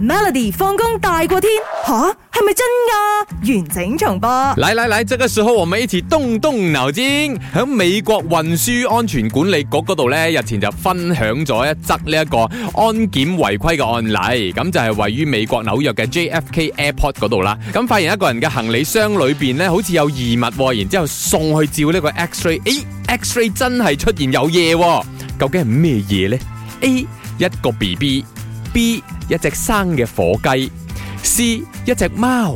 Melody 放工大過天吓，係咪真㗎？完整重播。嚟嚟嚟，即、這個時候我們一起動動腦筋。喺美國運輸安全管理局嗰度呢，日前就分享咗一則呢一個安檢違規嘅案例。咁就係位於美國紐約嘅 JFK Airport 嗰度啦。咁發現一個人嘅行李箱裏邊呢，好似有異物。然之後送去照呢個 X-ray，誒、哎，X-ray 真係出現有嘢，究竟係咩嘢呢？A 一個 BB。B 一隻生嘅火雞，C 一隻貓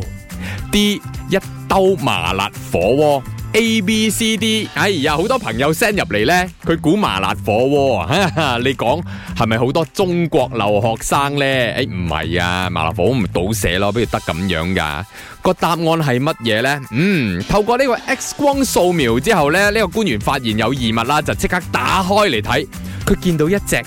，D 一兜麻辣火鍋。A B C D，哎呀，好多朋友 send 入嚟咧，佢估麻辣火鍋啊！哈哈，你講係咪好多中國留學生咧？哎，唔係啊，麻辣火鍋唔倒瀉咯，不如得咁樣㗎。個答案係乜嘢咧？嗯，透過呢個 X 光掃描之後咧，呢個官員發現有異物啦，就即刻打開嚟睇，佢見到一隻，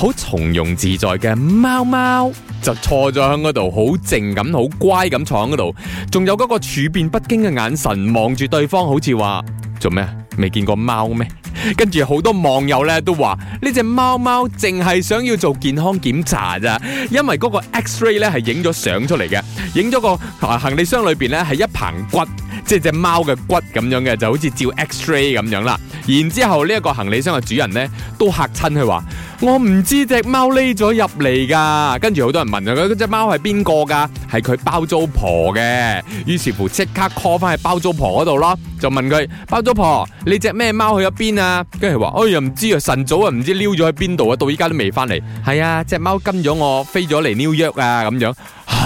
好從容自在嘅貓貓就坐咗喺嗰度，好靜咁，好乖咁坐喺嗰度，仲有嗰個處變不驚嘅眼神望住對方，好似話做咩？未見過貓咩？跟住好多網友咧都話呢、這個、隻貓貓淨係想要做健康檢查咋，因為嗰個 X-ray 咧係影咗相出嚟嘅，影咗個行李箱裏邊咧係一棚骨，即係隻貓嘅骨咁樣嘅，就好似照 X-ray 咁樣啦。然之後呢一個行李箱嘅主人咧都嚇親佢話。我唔知隻貓匿咗入嚟噶，跟住好多人問佢嗰隻貓係邊個噶，係佢包租婆嘅。於是乎即刻 call 翻去包租婆嗰度咯，就問佢包租婆，你隻咩貓去咗邊啊？跟住話，哎呀唔知啊，晨早啊唔知溜咗喺邊度啊，到依家都未翻嚟。係啊，隻貓跟咗我飛咗嚟 New York 啊，咁樣。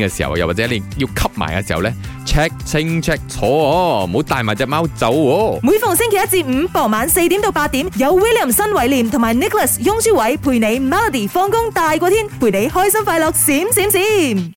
嘅時候，又或者你要吸埋嘅時候咧，check 清 check 楚哦，唔好帶埋隻貓走。每逢星期一至五傍晚四點到八點，有 William 新偉廉同埋 Nicholas 雍舒偉陪你 Melody 放工大過天，陪你開心快樂閃閃閃。